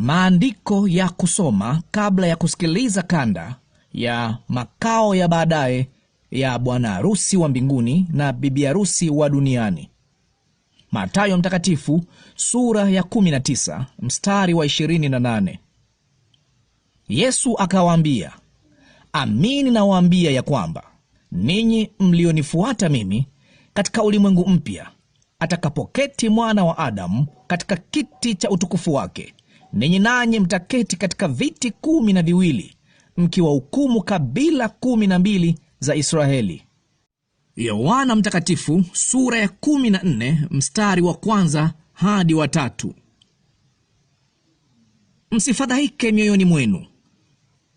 Maandiko ya kusoma kabla ya kusikiliza kanda ya makao ya baadaye ya bwana harusi wa mbinguni na bibi harusi wa duniani. matayo Mtakatifu sura ya 19 mstari wa 28. Yesu akawaambia, amini nawaambia ya kwamba ninyi mlionifuata mimi katika ulimwengu mpya atakapoketi mwana wa Adamu katika kiti cha utukufu wake ninyi nanyi mtaketi katika viti kumi na viwili mkiwahukumu kabila kumi na mbili za Israeli. Yohana Mtakatifu sura ya kumi na nne mstari wa kwanza hadi wa tatu. Msifadhaike mioyoni mwenu,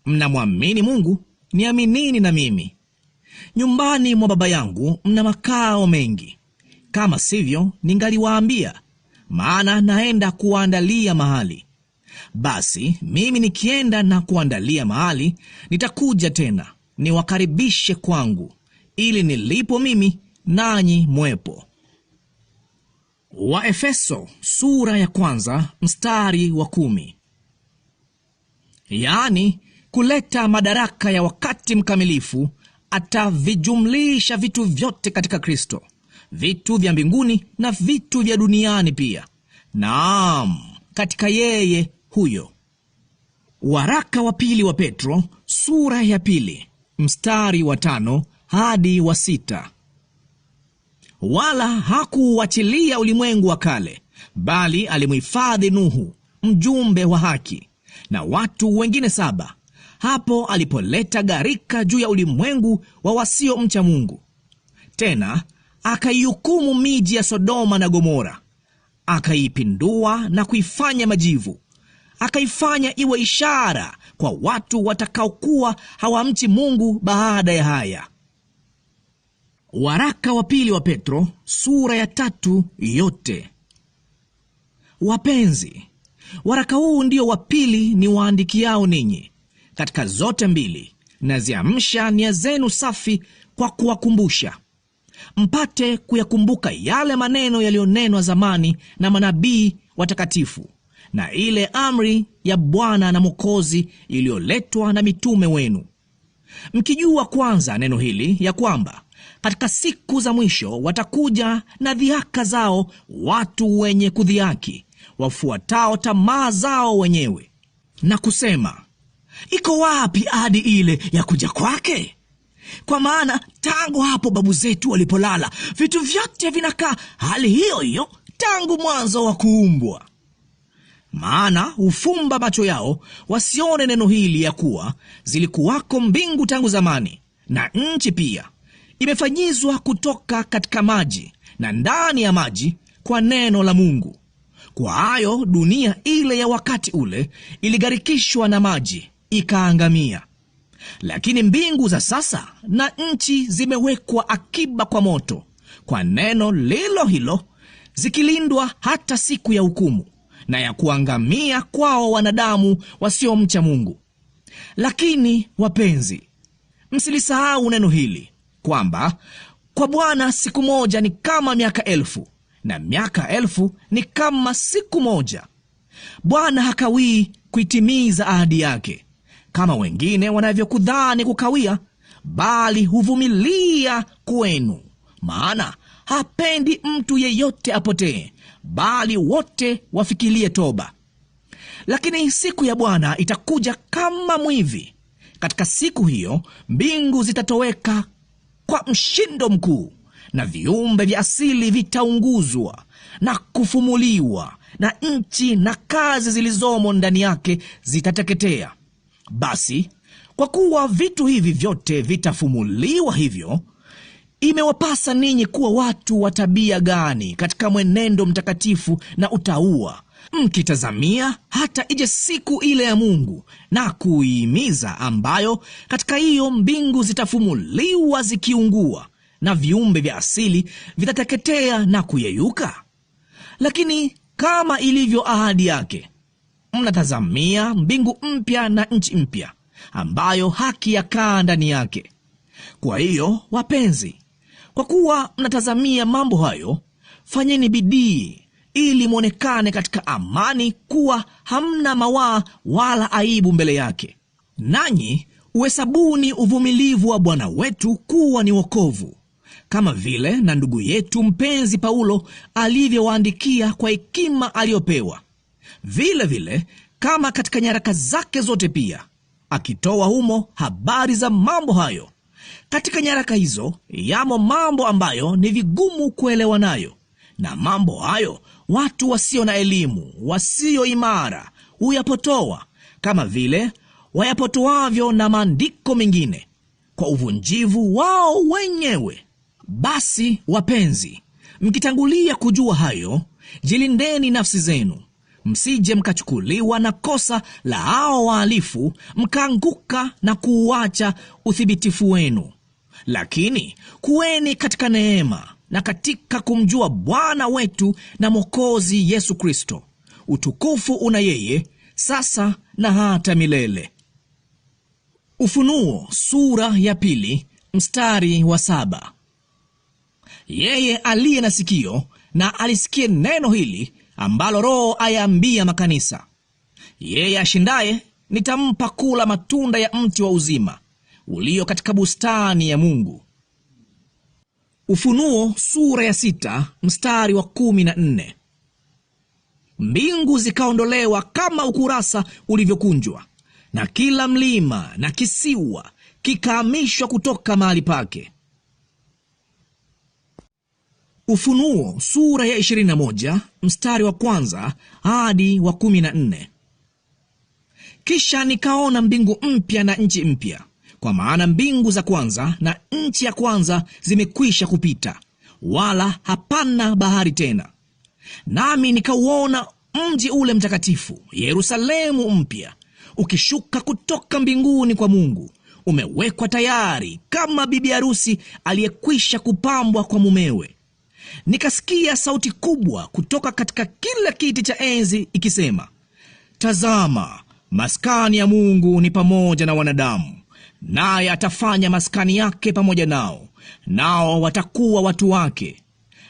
mnamwamini Mungu, niaminini na mimi. Nyumbani mwa Baba yangu mna makao mengi; kama sivyo, ningaliwaambia, maana naenda kuwaandalia mahali. Basi mimi nikienda na kuandalia mahali, nitakuja tena niwakaribishe kwangu, ili nilipo mimi nanyi mwepo. Waefeso sura ya kwanza mstari wa kumi. Yaani kuleta madaraka ya wakati mkamilifu, atavijumlisha vitu vyote katika Kristo, vitu vya mbinguni na vitu vya duniani pia. Naam, katika yeye huyo. Waraka wa pili wa Petro sura ya pili mstari wa tano hadi wa sita. Wala hakuuachilia ulimwengu wa kale, bali alimhifadhi Nuhu mjumbe wa haki na watu wengine saba, hapo alipoleta gharika juu ya ulimwengu wa wasiomcha Mungu. Tena akaihukumu miji ya Sodoma na Gomora, akaipindua na kuifanya majivu akaifanya iwe ishara kwa watu watakaokuwa hawamchi Mungu baada ya haya. Waraka wa pili wa Petro sura ya tatu yote. Wapenzi, waraka huu ndio wa pili ni waandikiao ninyi. Katika zote mbili naziamsha nia zenu safi kwa kuwakumbusha, mpate kuyakumbuka yale maneno yaliyonenwa zamani na manabii watakatifu na ile amri ya Bwana na Mwokozi iliyoletwa na mitume wenu, mkijua kwanza neno hili ya kwamba katika siku za mwisho watakuja na dhihaka zao watu wenye kudhihaki, wafuatao tamaa zao wenyewe, na kusema, iko wapi ahadi ile ya kuja kwake? Kwa maana tangu hapo babu zetu walipolala, vitu vyote vinakaa hali hiyo hiyo tangu mwanzo wa kuumbwa maana hufumba macho yao wasione neno hili ya kuwa zilikuwako mbingu tangu zamani, na nchi pia imefanyizwa kutoka katika maji na ndani ya maji kwa neno la Mungu. Kwa hayo dunia ile ya wakati ule iligharikishwa na maji ikaangamia. Lakini mbingu za sasa na nchi zimewekwa akiba kwa moto, kwa neno lilo hilo, zikilindwa hata siku ya hukumu na ya kuangamia kwao wanadamu wasiomcha Mungu. Lakini wapenzi, msilisahau neno hili kwamba kwa Bwana siku moja ni kama miaka elfu na miaka elfu ni kama siku moja. Bwana hakawii kuitimiza ahadi yake kama wengine wanavyokudhani kukawia, bali huvumilia kwenu, maana hapendi mtu yeyote apotee, bali wote wafikilie toba. Lakini siku ya Bwana itakuja kama mwivi. Katika siku hiyo mbingu zitatoweka kwa mshindo mkuu, na viumbe vya asili vitaunguzwa na kufumuliwa, na nchi na kazi zilizomo ndani yake zitateketea. Basi kwa kuwa vitu hivi vyote vitafumuliwa hivyo Imewapasa ninyi kuwa watu wa tabia gani katika mwenendo mtakatifu na utaua mkitazamia hata ije siku ile ya Mungu na kuihimiza, ambayo katika hiyo mbingu zitafumuliwa zikiungua na viumbe vya asili vitateketea na kuyeyuka. Lakini kama ilivyo ahadi yake, mnatazamia mbingu mpya na nchi mpya, ambayo haki yakaa ndani yake. Kwa hiyo, wapenzi kwa kuwa mnatazamia mambo hayo, fanyeni bidii ili mwonekane katika amani kuwa hamna mawaa wala aibu mbele yake, nanyi uhesabuni uvumilivu wa Bwana wetu kuwa ni wokovu, kama vile na ndugu yetu mpenzi Paulo alivyowaandikia kwa hekima aliyopewa, vile vile kama katika nyaraka zake zote pia, akitoa humo habari za mambo hayo katika nyaraka hizo yamo mambo ambayo ni vigumu kuelewa nayo, na mambo hayo watu wasio na elimu, wasio imara huyapotoa, kama vile wayapotoavyo na maandiko mengine kwa uvunjivu wao wenyewe. Basi wapenzi, mkitangulia kujua hayo, jilindeni nafsi zenu msije mkachukuliwa na kosa la hao wahalifu, mkaanguka na kuuacha uthibitifu wenu. Lakini kuweni katika neema na katika kumjua Bwana wetu na Mwokozi Yesu Kristo. Utukufu una yeye sasa na hata milele. Ufunuo sura ya pili mstari wa saba. Yeye aliye na sikio na alisikie neno hili ambalo Roho ayaambia makanisa, yeye ashindaye nitampa kula matunda ya mti wa uzima ulio katika bustani ya Mungu. Ufunuo sura ya sita mstari wa kumi na nne. Mbingu zikaondolewa kama ukurasa ulivyokunjwa, na kila mlima na kisiwa kikahamishwa kutoka mahali pake. Ufunuo sura ya 21 mstari wa kwanza hadi wa 14. Kisha nikaona mbingu mpya na nchi mpya, kwa maana mbingu za kwanza na nchi ya kwanza zimekwisha kupita, wala hapana bahari tena. Nami nikauona mji ule mtakatifu Yerusalemu mpya, ukishuka kutoka mbinguni kwa Mungu, umewekwa tayari kama bibi harusi aliyekwisha kupambwa kwa mumewe nikasikia sauti kubwa kutoka katika kila kiti cha enzi ikisema, tazama, maskani ya Mungu ni pamoja na wanadamu, naye atafanya maskani yake pamoja nao, nao watakuwa watu wake,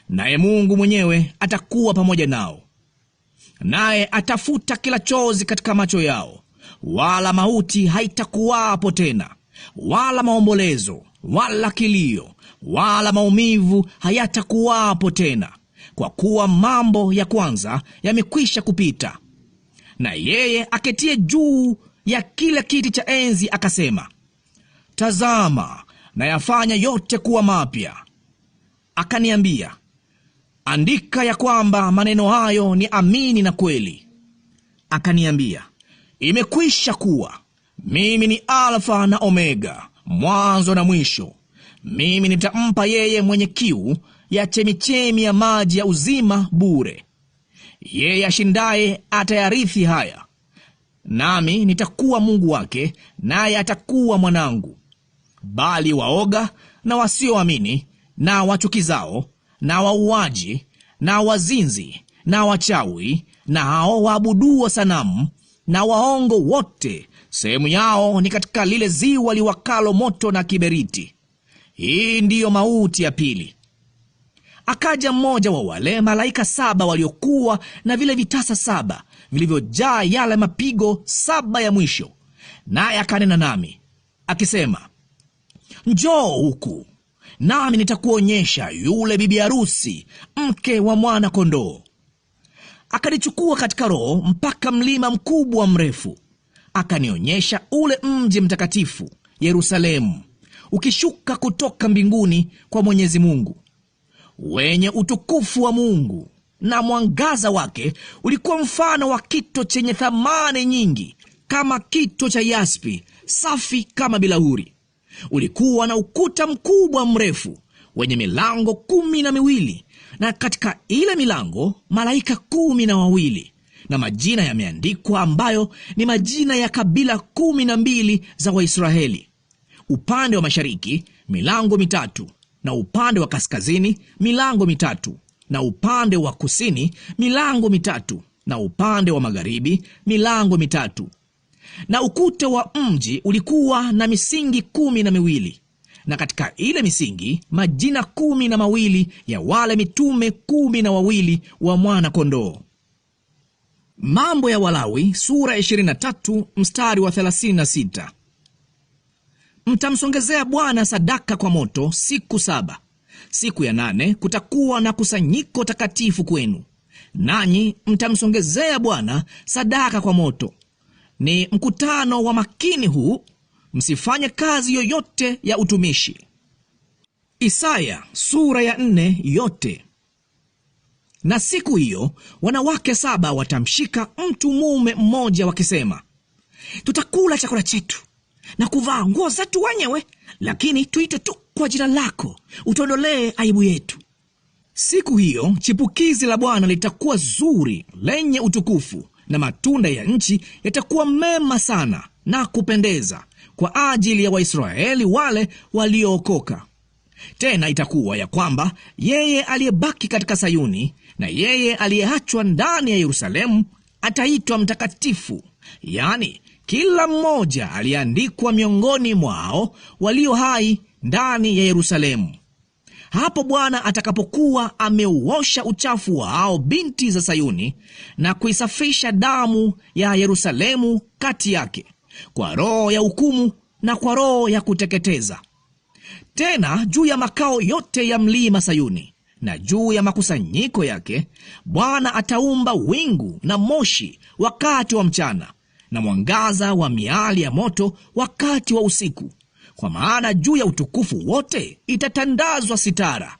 naye Mungu mwenyewe atakuwa pamoja nao, naye atafuta kila chozi katika macho yao, wala mauti haitakuwapo tena, wala maombolezo, wala kilio wala maumivu hayatakuwapo tena, kwa kuwa mambo ya kwanza yamekwisha kupita. Na yeye aketie juu ya kila kiti cha enzi akasema, tazama, nayafanya yote kuwa mapya. Akaniambia, andika ya kwamba maneno hayo ni amini na kweli. Akaniambia, imekwisha kuwa. Mimi ni Alfa na Omega, mwanzo na mwisho mimi nitampa yeye mwenye kiu ya chemichemi ya maji ya uzima bure. Yeye ashindaye atayarithi haya, nami nitakuwa Mungu wake, naye atakuwa mwanangu. Bali waoga na wasioamini na wachukizao na wauaji na wazinzi na wachawi na hao waabuduo sanamu na waongo wote, sehemu yao ni katika lile ziwa liwakalo moto na kiberiti hii ndiyo mauti ya pili. Akaja mmoja wa wale malaika saba waliokuwa na vile vitasa saba vilivyojaa yale mapigo saba ya mwisho, naye akanena nami akisema, njoo huku nami nitakuonyesha yule bibi harusi, mke wa mwana kondoo. Akanichukua katika Roho mpaka mlima mkubwa mrefu, akanionyesha ule mji mtakatifu Yerusalemu ukishuka kutoka mbinguni kwa Mwenyezi Mungu, wenye utukufu wa Mungu na mwangaza wake ulikuwa mfano wa kito chenye thamani nyingi, kama kito cha yaspi safi kama bilauri. Ulikuwa na ukuta mkubwa mrefu wenye milango kumi na miwili, na katika ile milango malaika kumi na wawili, na majina yameandikwa ambayo ni majina ya kabila kumi na mbili za Waisraeli upande wa mashariki milango mitatu, na upande wa kaskazini milango mitatu, na upande wa kusini milango mitatu, na upande wa magharibi milango mitatu. Na ukuta wa mji ulikuwa na misingi kumi na miwili na katika ile misingi majina kumi na mawili ya wale mitume kumi na wawili wa mwana-kondoo. Mambo ya Walawi sura 23 mstari wa 36. Mtamsongezea Bwana sadaka kwa moto siku saba. Siku ya nane kutakuwa na kusanyiko takatifu kwenu, nanyi mtamsongezea Bwana sadaka kwa moto. Ni mkutano wa makini huu, msifanye kazi yoyote ya utumishi. Isaya sura ya nne yote. Na siku hiyo wanawake saba watamshika mtu mume mmoja wakisema, tutakula chakula chetu na kuvaa nguo zetu wenyewe, lakini tuite tu kwa jina lako, utuondolee aibu yetu. Siku hiyo chipukizi la Bwana litakuwa zuri lenye utukufu, na matunda ya nchi yatakuwa mema sana na kupendeza kwa ajili ya Waisraeli wale waliookoka. Tena itakuwa ya kwamba yeye aliyebaki katika Sayuni na yeye aliyeachwa ndani ya Yerusalemu ataitwa mtakatifu, yaani kila mmoja aliandikwa miongoni mwao walio hai ndani ya Yerusalemu, hapo Bwana atakapokuwa ameuosha uchafu wao binti za Sayuni, na kuisafisha damu ya Yerusalemu kati yake kwa roho ya hukumu na kwa roho ya kuteketeza. Tena juu ya makao yote ya mlima Sayuni na juu ya makusanyiko yake Bwana ataumba wingu na moshi wakati wa mchana na mwangaza wa miali ya moto wakati wa usiku, kwa maana juu ya utukufu wote itatandazwa sitara.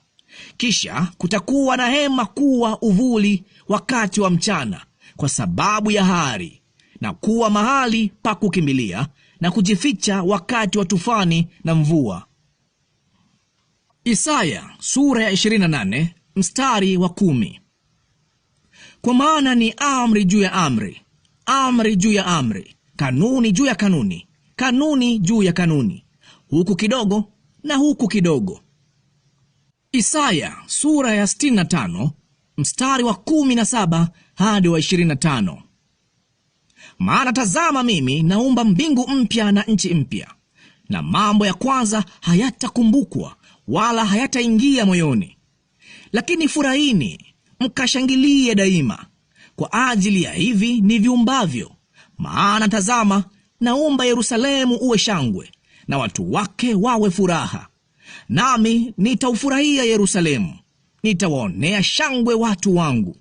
Kisha kutakuwa na hema kuwa uvuli wakati wa mchana kwa sababu ya hari, na kuwa mahali pa kukimbilia na kujificha wakati wa tufani na mvua. Isaya sura ya 28 mstari wa kumi. Kwa maana ni amri juu ya amri amri juu ya amri, kanuni juu ya kanuni, kanuni juu ya kanuni, huku kidogo na huku kidogo. Isaya sura ya 65 mstari wa 17 hadi wa 25. Maana tazama, mimi naumba mbingu mpya na nchi mpya, na mambo ya kwanza hayatakumbukwa wala hayataingia moyoni. Lakini furahini, mkashangilie daima, kwa ajili ya hivi ni viumbavyo. Maana tazama, naumba Yerusalemu uwe shangwe, na watu wake wawe furaha. Nami nitaufurahia Yerusalemu, nitawaonea shangwe watu wangu.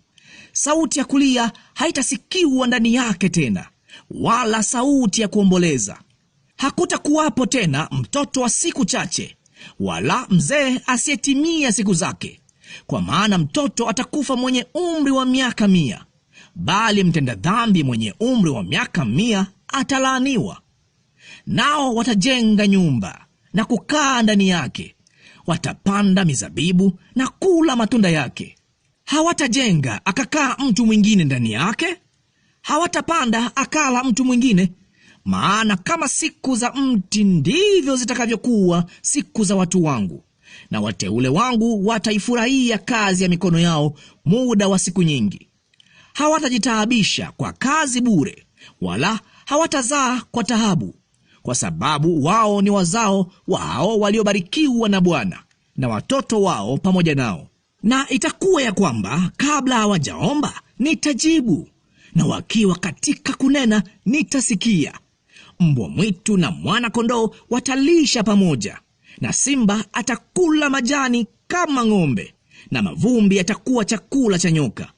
Sauti ya kulia haitasikiwa ndani yake tena, wala sauti ya kuomboleza. Hakutakuwapo tena mtoto wa siku chache, wala mzee asiyetimia siku zake, kwa maana mtoto atakufa mwenye umri wa miaka mia, bali mtenda dhambi mwenye umri wa miaka mia atalaaniwa. Nao watajenga nyumba na kukaa ndani yake, watapanda mizabibu na kula matunda yake. Hawatajenga akakaa mtu mwingine ndani yake, hawatapanda akala mtu mwingine. Maana kama siku za mti ndivyo zitakavyokuwa siku za watu wangu, na wateule wangu wataifurahia kazi ya mikono yao muda wa siku nyingi hawatajitaabisha kwa kazi bure, wala hawatazaa kwa taabu, kwa sababu wao ni wazao wao waliobarikiwa na Bwana na watoto wao pamoja nao. Na itakuwa ya kwamba kabla hawajaomba nitajibu, na wakiwa katika kunena nitasikia. Mbwa mwitu na mwana kondoo watalisha pamoja, na simba atakula majani kama ng'ombe, na mavumbi yatakuwa chakula cha nyoka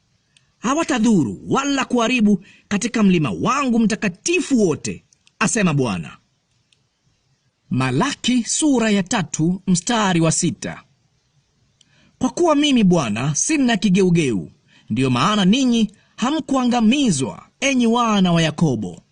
hawatadhuru wala kuharibu katika mlima wangu mtakatifu wote, asema Bwana. Malaki sura ya tatu mstari wa sita. Kwa kuwa mimi Bwana sina kigeugeu, ndiyo maana ninyi hamkuangamizwa, enyi wana wa Yakobo.